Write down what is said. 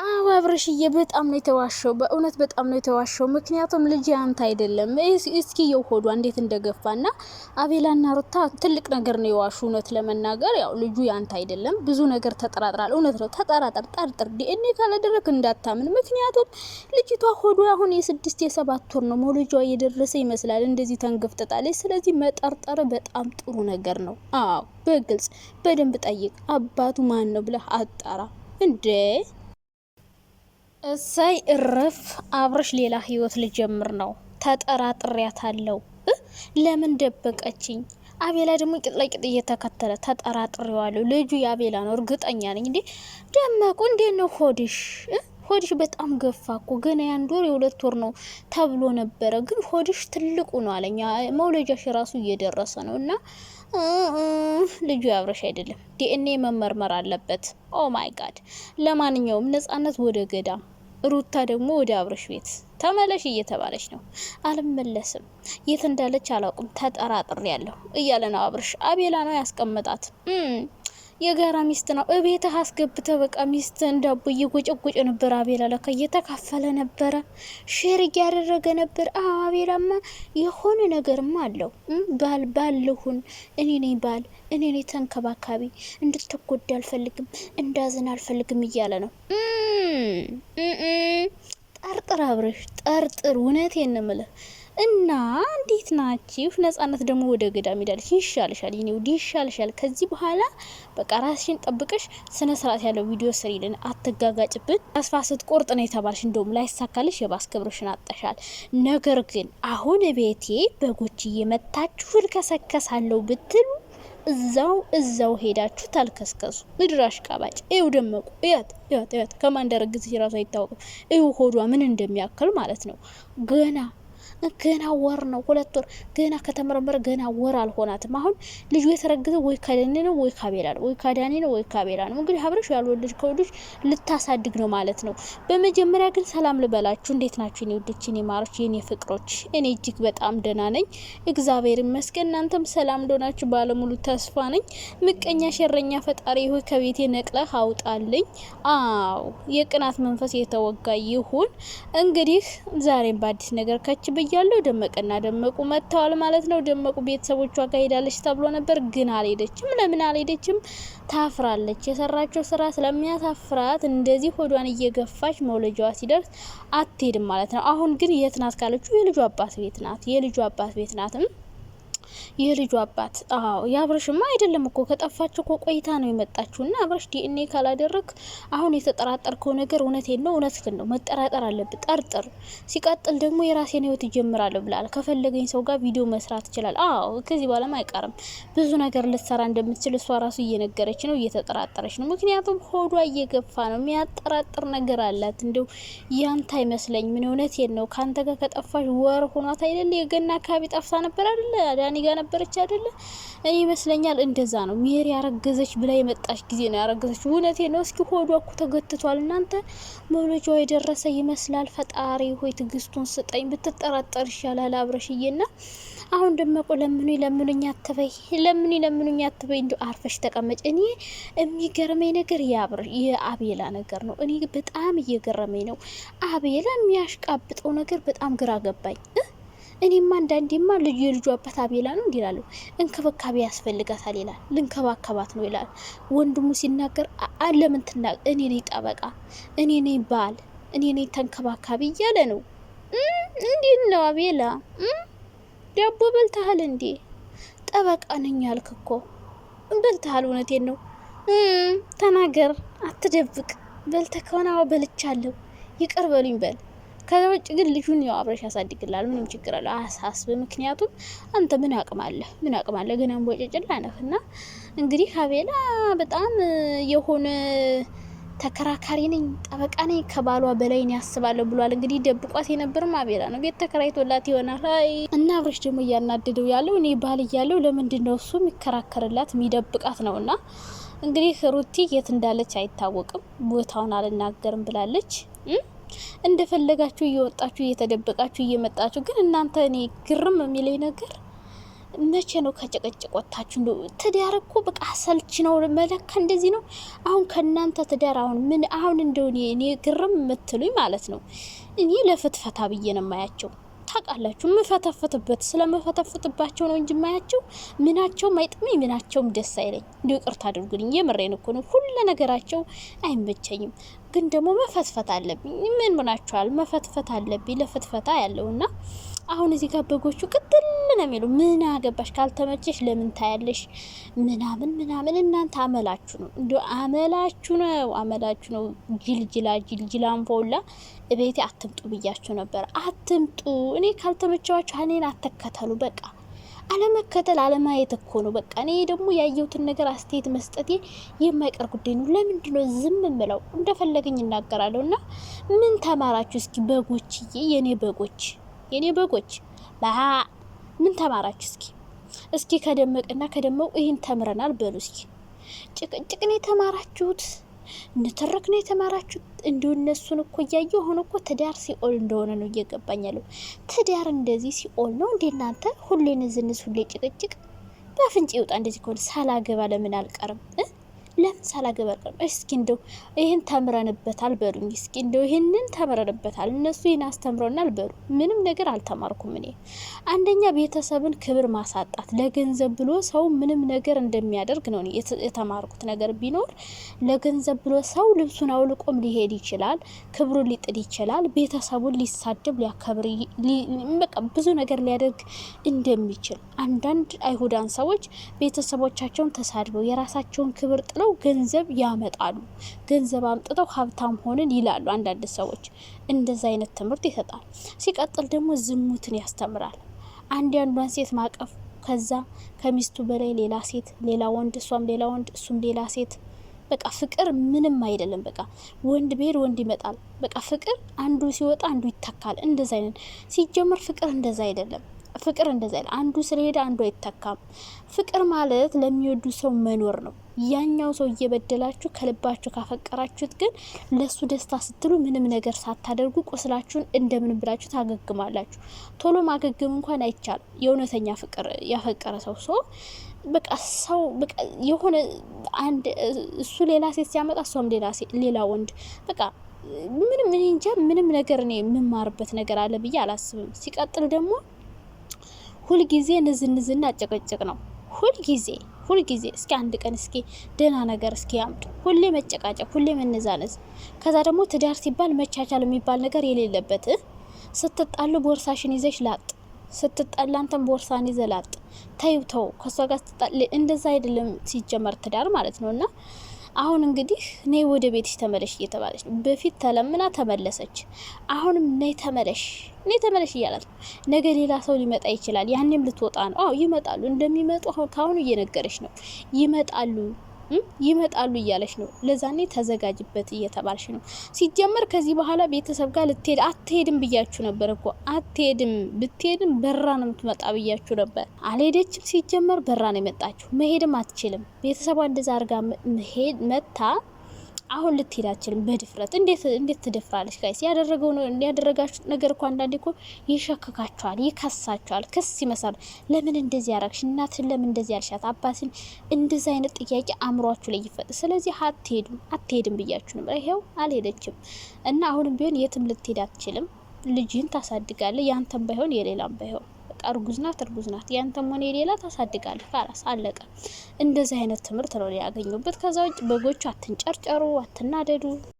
አዎ አብረሽዬ በጣም ነው የተዋሸው። በእውነት በጣም ነው የተዋሸው። ምክንያቱም ልጅ አንተ አይደለም። እስኪ የሆዷ እንዴት እንደገፋና አቤላና ሩታ ትልቅ ነገር ነው የዋሹ። እውነት ለመናገር ያው ልጁ ያንተ አይደለም። ብዙ ነገር ተጠራጥራል። እውነት ነው ተጠራጠር፣ ጠርጥር፣ ዲኤንኤ ካላደረክ እንዳታምን። ምክንያቱም ልጅቷ ሆዷ አሁን የስድስት የሰባት ወር ነው መውለጇ እየደረሰ ይመስላል። እንደዚህ ተንገፍጥጣለች። ስለዚህ መጠርጠር በጣም ጥሩ ነገር ነው። አዎ በግልጽ በደንብ ጠይቅ። አባቱ ማን ነው ብለህ አጣራ እንዴ እሰይ እርፍ አብርሽ ሌላ ህይወት ልጀምር ነው አለው ለምን ደበቀችኝ አቤላ ደግሞ ቂጥ ለቂጥ እየተከተለ ተጠራጥሬዋለሁ ልጁ የአቤላ ነው እርግጠኛ ነኝ እንዴ ደመቁ እንዴት ነው ሆድሽ ሆድሽ በጣም ገፋ እኮ ገና የአንድ ወር የሁለት ወር ነው ተብሎ ነበረ፣ ግን ሆድሽ ትልቁ ነው አለኛ። መውለጃሽ ራሱ እየደረሰ ነው እና ልጁ ያብረሽ አይደለም፣ ዲኤንኤ መመርመር አለበት። ኦ ማይ ጋድ። ለማንኛውም ነጻነት ወደ ገዳም ሩታ ደግሞ ወደ አብረሽ ቤት ተመለሽ እየተባለች ነው። አልመለስም፣ የት እንዳለች አላውቅም፣ ተጠራጥሬ ያለሁ እያለ ነው አብረሽ። አቤላ ነው ያስቀመጣት። የጋራ ሚስት ነው። እቤት አስገብተ በቃ ሚስት ዳቦ እየጎጨጎጨ ነበር አቤላ። ለካ እየተካፈለ ነበረ፣ ሼር እያደረገ ነበር። አዎ አቤላማ የሆነ ነገር አለው። ባል ባልሁን እኔ ነኝ ባል፣ እኔ ነኝ ተንከባካቢ፣ እንድትጎዳ አልፈልግም፣ እንዳዝን አልፈልግም እያለ ነው። ጠርጥር አብረሽ ጠርጥር። እውነቴን ነው የምልህ እና እንዴት ናችሁ? ነጻነት ደግሞ ወደ ገዳም ሄዳለች። ይሻልሻል፣ ይኔ ውድ ይሻልሻል። ከዚህ በኋላ በቃ ራስሽን ጠብቀሽ ስነ ስርዓት ያለው ቪዲዮ ስሪልን፣ አትጋጋጭብን። ተስፋ ስትቆርጥ ነው የተባልሽ፣ እንደውም ላይሳካልሽ የባስ ክብርሽን አጠሻል። ነገር ግን አሁን ቤቴ በጎች እየመታችሁ ልከሰከሳለሁ ብትሉ እዛው እዛው ሄዳችሁ ታልከስከሱ። ምድር አሽቃባጭ ይው ደመቁ እያት እያት እያት ከማን እንደረግዝሽ ራሱ አይታወቅም። ይው ሆዷ ምን እንደሚያክል ማለት ነው ገና ገና ወር ነው፣ ሁለት ወር ገና ከተመረመረ ገና ወር አልሆናትም። አሁን ልጁ የተረገዘው ወይ ከደኒ ነው ወይ ካቤላ ነው፣ ወይ ከዳኒ ነው ወይ ካቤላ ነው። እንግዲህ አብረሽ ያልወለድሽ ከወለድሽ ልታሳድግ ነው ማለት ነው። በመጀመሪያ ግን ሰላም ልበላችሁ። እንዴት ናችሁ እኔ ውድች፣ እኔ ማሮች፣ የኔ ፍቅሮች? እኔ እጅግ በጣም ደህና ነኝ፣ እግዚአብሔር ይመስገን። እናንተም ሰላም እንደሆናችሁ ባለሙሉ ተስፋ ነኝ። ምቀኛ ሸረኛ ፈጣሪ ሆይ ከቤቴ ነቅለህ አውጣልኝ። አዎ የቅናት መንፈስ የተወጋ ይሁን። እንግዲህ ዛሬም በአዲስ ነገር ከች ብያለሁ። ደመቀና ደመቁ መጥተዋል ማለት ነው። ደመቁ ቤተሰቦቿ ጋር ሄዳለች ተብሎ ነበር፣ ግን አልሄደችም። ለምን አልሄደችም? ታፍራለች። የሰራቸው ስራ ስለሚያሳፍራት እንደዚህ ሆዷን እየገፋች መውለጃዋ ሲደርስ አትሄድም ማለት ነው። አሁን ግን የት ናት ካለችው የልጁ አባት ቤት ናት። የልጁ አባት ቤት ናትም የልጁ አባት አዎ የአብረሽማ አይደለም እኮ ከጠፋችሁ እኮ ቆይታ ነው የመጣችሁ እና አብረሽ ዲኤንኤ ካላደረግ አሁን የተጠራጠርከው ነገር እውነት ነው እውነትህን ነው መጠራጠር አለብህ ጠርጥር ሲቀጥል ደግሞ የራሴን ህይወት ይጀምራለሁ ብላል ከፈለገኝ ሰው ጋር ቪዲዮ መስራት ይችላል አዎ ከዚህ በኋላም አይቀርም ብዙ ነገር ልትሰራ እንደምትችል እሷ ራሱ እየነገረች ነው እየተጠራጠረች ነው ምክንያቱም ሆዷ እየገፋ ነው የሚያጠራጥር ነገር አላት እንደው ያንተ አይመስለኝ ምን እውነት ነው ከአንተ ጋር ከጠፋሽ ወር ሆኗት አይደል የገና አካባቢ ጠፍታ ነበር አይደል ዳኒ ጋር ነበር ነበረች አይደለ? እኔ ይመስለኛል እንደዛ ነው። ሜሪ ያረገዘች ብላ የመጣች ጊዜ ነው ያረገዘች። እውነቴ ነው። እስኪ ሆዷ እኮ ተገትቷል። እናንተ መውለጃው የደረሰ ይመስላል። ፈጣሪ ሆይ ትግስቱን ስጠኝ። ብትጠራጠር ይሻላል አብረሽዬና አሁን ደመቆ ለምኑ ለምኑኝ አትበይ፣ ለምኑ ለምኑኝ አትበይ፣ እንዲ አርፈሽ ተቀመጭ። እኔ የሚገርመኝ ነገር የአቤላ ነገር ነው። እኔ በጣም እየገረመኝ ነው። አቤላ የሚያሽቃብጠው ነገር በጣም ግራ ገባኝ። እኔማ አንዳንዴማ ልዩ የልጁ አባት አቤላ ነው እንዲ ይላሉ። እንክብካቤ ያስፈልጋታል ይላል። ልንከባከባት ነው ይላል። ወንድሙ ሲናገር ለምን ትና እኔ ነኝ ጠበቃ፣ እኔ ነኝ ባል፣ እኔ ነኝ ተንከባካቢ እያለ ነው። እንዴት ነው አቤላ? ዳቦ በልተሃል እንዴ? ጠበቃ ነኝ ያልክ እኮ በልተሃል። እውነቴን ነው። ተናገር፣ አትደብቅ። በልተ ከሆነ አዎ በልቻለሁ፣ ይቅር በሉኝ በል ከዛ ውጭ ግን ልጁን ያው አብረሽ ያሳድግላል። ምንም ችግር አለ አያሳስብ። ምክንያቱም አንተ ምን አቅም አለ ምን አቅም አለ ገናም ቦጨጭላ ነህ። እና እንግዲህ አቤላ በጣም የሆነ ተከራካሪ ነኝ፣ ጠበቃ ነኝ፣ ከባሏ በላይ ነው ያስባለሁ ብሏል። እንግዲህ ደብቋት የነበርም አቤላ ነው። ቤት ተከራይቶላት ይሆናል። አይ እና አብረሽ ደግሞ እያናደደው ያለው እኔ ባል እያለው ለምንድን ነው እሱ የሚከራከርላት የሚደብቃት ነው። እና እንግዲህ ሩቲ የት እንዳለች አይታወቅም። ቦታውን አልናገርም ብላለች። እንደፈለጋችሁ እየወጣችሁ እየተደበቃችሁ እየመጣችሁ ግን እናንተ እኔ ግርም የሚለኝ ነገር መቼ ነው ከጭቅጭቅ ወጥታችሁ? እንደ ትዳር እኮ በቃ ሰልች ነው መለካ እንደዚህ ነው። አሁን ከእናንተ ትዳር አሁን ምን አሁን እንደሆነ እኔ ግርም የምትሉኝ ማለት ነው። እኔ ለፍትፈታ ብዬ ነው የማያቸው ታውቃላችሁ የምፈተፍትበት ስለምፈተፍትባቸው ነው እንጂ ማያቸው ምናቸው አይጥመኝ ምናቸውም ደስ አይለኝ። እንዲሁ ይቅርታ አድርጉልኝ፣ የምሬን እኮ ነው። ሁሉ ነገራቸው አይመቸኝም፣ ግን ደግሞ መፈትፈት አለብኝ። ምን ምናቸዋል መፈትፈት አለብኝ ለፍትፈታ ያለውና አሁን እዚህ ጋር በጎቹ ቅጥል ነው የሚሉ። ምን አገባሽ ካልተመቸሽ ለምን ታያለሽ ምናምን ምናምን። እናንተ አመላችሁ ነው እንዲ አመላችሁ ነው አመላችሁ ነው። ጅልጅላ ጅልጅላ አንፎላ እቤቴ አትምጡ ብያችሁ ነበር። አትምጡ እኔ ካልተመቸዋችሁ እኔን አትከተሉ በቃ አለመከተል አለማየት እኮ ነው። በቃ እኔ ደግሞ ያየሁትን ነገር አስተያየት መስጠቴ የማይቀር ጉዳይ ነው። ለምንድን ነው ዝም ምለው? እንደፈለገኝ እናገራለሁ። እና ምን ተማራችሁ እስኪ በጎችዬ፣ የኔ በጎች፣ የእኔ በጎች ምን ተማራችሁ? እስኪ እስኪ ከደመቅና ከደመቁ ይህን ተምረናል በሉ እስኪ። ጭቅጭቅ ነው የተማራችሁት፣ ንትርክ ነው የተማራችሁት። እንዲሁ እነሱን እኮ እያየ ሆኖ እኮ ትዳር ሲኦል እንደሆነ ነው እየገባኛለሁ። ትዳር እንደዚህ ሲኦል ነው እንዴ እናንተ? ሁሌ ንዝንዝ፣ ሁሌ ጭቅጭቅ፣ በአፍንጭ ይውጣ። እንደዚህ ከሆነ ሳላገባ ለምን አልቀርም? ለምን ሳላገባ ቀር? እስኪ እንደው ይህን ተምረንበታል በሉኝ። እስኪ እንደው ይህንን ተምረንበታል፣ እነሱ ይህን አስተምረውናል በሉ። ምንም ነገር አልተማርኩም እኔ። አንደኛ ቤተሰብን ክብር ማሳጣት ለገንዘብ ብሎ ሰው ምንም ነገር እንደሚያደርግ ነው የተማርኩት። ነገር ቢኖር ለገንዘብ ብሎ ሰው ልብሱን አውልቆም ሊሄድ ይችላል፣ ክብሩን ሊጥል ይችላል፣ ቤተሰቡን ሊሳደብ ሊያከብር፣ በቃ ብዙ ነገር ሊያደርግ እንደሚችል አንዳንድ አይሁዳን ሰዎች ቤተሰቦቻቸውን ተሳድበው የራሳቸውን ክብር ጥለው አምጥተው ገንዘብ ያመጣሉ። ገንዘብ አምጥተው ሀብታም ሆንን ይላሉ አንዳንድ ሰዎች። እንደዛ አይነት ትምህርት ይሰጣል። ሲቀጥል ደግሞ ዝሙትን ያስተምራል። አንድ ያንዷን ሴት ማቀፍ፣ ከዛ ከሚስቱ በላይ ሌላ ሴት፣ ሌላ ወንድ፣ እሷም ሌላ ወንድ፣ እሱም ሌላ ሴት በቃ ፍቅር ምንም አይደለም። በቃ ወንድ ብሄድ ወንድ ይመጣል። በቃ ፍቅር አንዱ ሲወጣ አንዱ ይተካል። እንደዛ አይነት ሲጀመር ፍቅር እንደዛ አይደለም። ፍቅር እንደዛ ይል አንዱ ስለሄደ አንዱ አይተካም። ፍቅር ማለት ለሚወዱ ሰው መኖር ነው። ያኛው ሰው እየበደላችሁ ከልባችሁ ካፈቀራችሁት ግን ለሱ ደስታ ስትሉ ምንም ነገር ሳታደርጉ ቁስላችሁን እንደምን ብላችሁ ታገግማላችሁ። ቶሎ ማገግም እንኳን አይቻልም። የእውነተኛ ፍቅር ያፈቀረ ሰው ሰው በቃ ሰው በቃ የሆነ አንድ እሱ ሌላ ሴት ሲያመጣ እሷም ሌላ ሌላ ወንድ በቃ ምንም እኔ እንጃ ምንም ነገር እኔ የምማርበት ነገር አለ ብዬ አላስብም። ሲቀጥል ደግሞ ሁልጊዜ ንዝንዝና ጭቅጭቅ ነው። ሁልጊዜ ሁልጊዜ እስኪ አንድ ቀን እስኪ ደህና ነገር እስኪ ያምጡ። ሁሌ መጨቃጨቅ፣ ሁሌ መነዛነዝ። ከዛ ደግሞ ትዳር ሲባል መቻቻል የሚባል ነገር የሌለበት ስትጣሉ ቦርሳሽን ይዘሽ ላጥ ስትጣላ አንተም ቦርሳን ይዘላጥ ላጥ። ተይው ተው፣ ከእሷ ጋር ስትጣል እንደዛ አይደለም ሲጀመር ትዳር ማለት ነውና አሁን እንግዲህ ነይ ወደ ቤትሽ ተመለሽ እየተባለች ነው። በፊት ተለምና ተመለሰች። አሁንም ነይ ተመለሽ፣ እኔ ተመለሽ እያላት ነው። ነገ ሌላ ሰው ሊመጣ ይችላል። ያኔም ልትወጣ ነው። አዎ ይመጣሉ፣ እንደሚመጡ ከአሁኑ እየነገረች ነው። ይመጣሉ ይመጣሉ እያለች ነው። ለዛኔ ተዘጋጅበት እየተባልሽ ነው። ሲጀመር ከዚህ በኋላ ቤተሰብ ጋር ልትሄድ አትሄድም ብያችሁ ነበር እኮ አትሄድም፣ ብትሄድም በራ ነው የምትመጣ ብያችሁ ነበር። አልሄደችም። ሲጀመር በራ ነው የመጣችሁ። መሄድም አትችልም። ቤተሰቧ እንደዛ አርጋ መታ አሁን ልትሄድ አትችልም። በድፍረት እንዴት እንዴት ትደፍራለች? ጋይስ ያደረገው ነው ያደረጋችሁ ነገር እኮ አንዳንዴ እኮ ይሸክካቸዋል፣ ይከሳቸዋል፣ ክስ ይመሳሉ። ለምን እንደዚህ ያረግሽ? እናትን ለምን እንደዚህ ያልሻት? አባትን እንደዚህ አይነት ጥያቄ አእምሯችሁ ላይ ይፈጥ። ስለዚህ አትሄድም አትሄድም ብያችሁ ነበር። ይሄው አልሄደችም እና አሁንም ቢሆን የትም ልትሄድ አትችልም። ልጅህን ታሳድጋለህ፣ ያንተም ባይሆን የሌላም ባይሆን በቃ እርጉዝ ናት እርጉዝ ናት ያንተም ሆነ የሌላ ታሳድጋለህ። ካላስ አለቀ። እንደዚህ አይነት ትምህርት ነው ያገኙበት። ከዛ ውጭ በጎቹ አትንጨርጨሩ፣ አትናደዱ።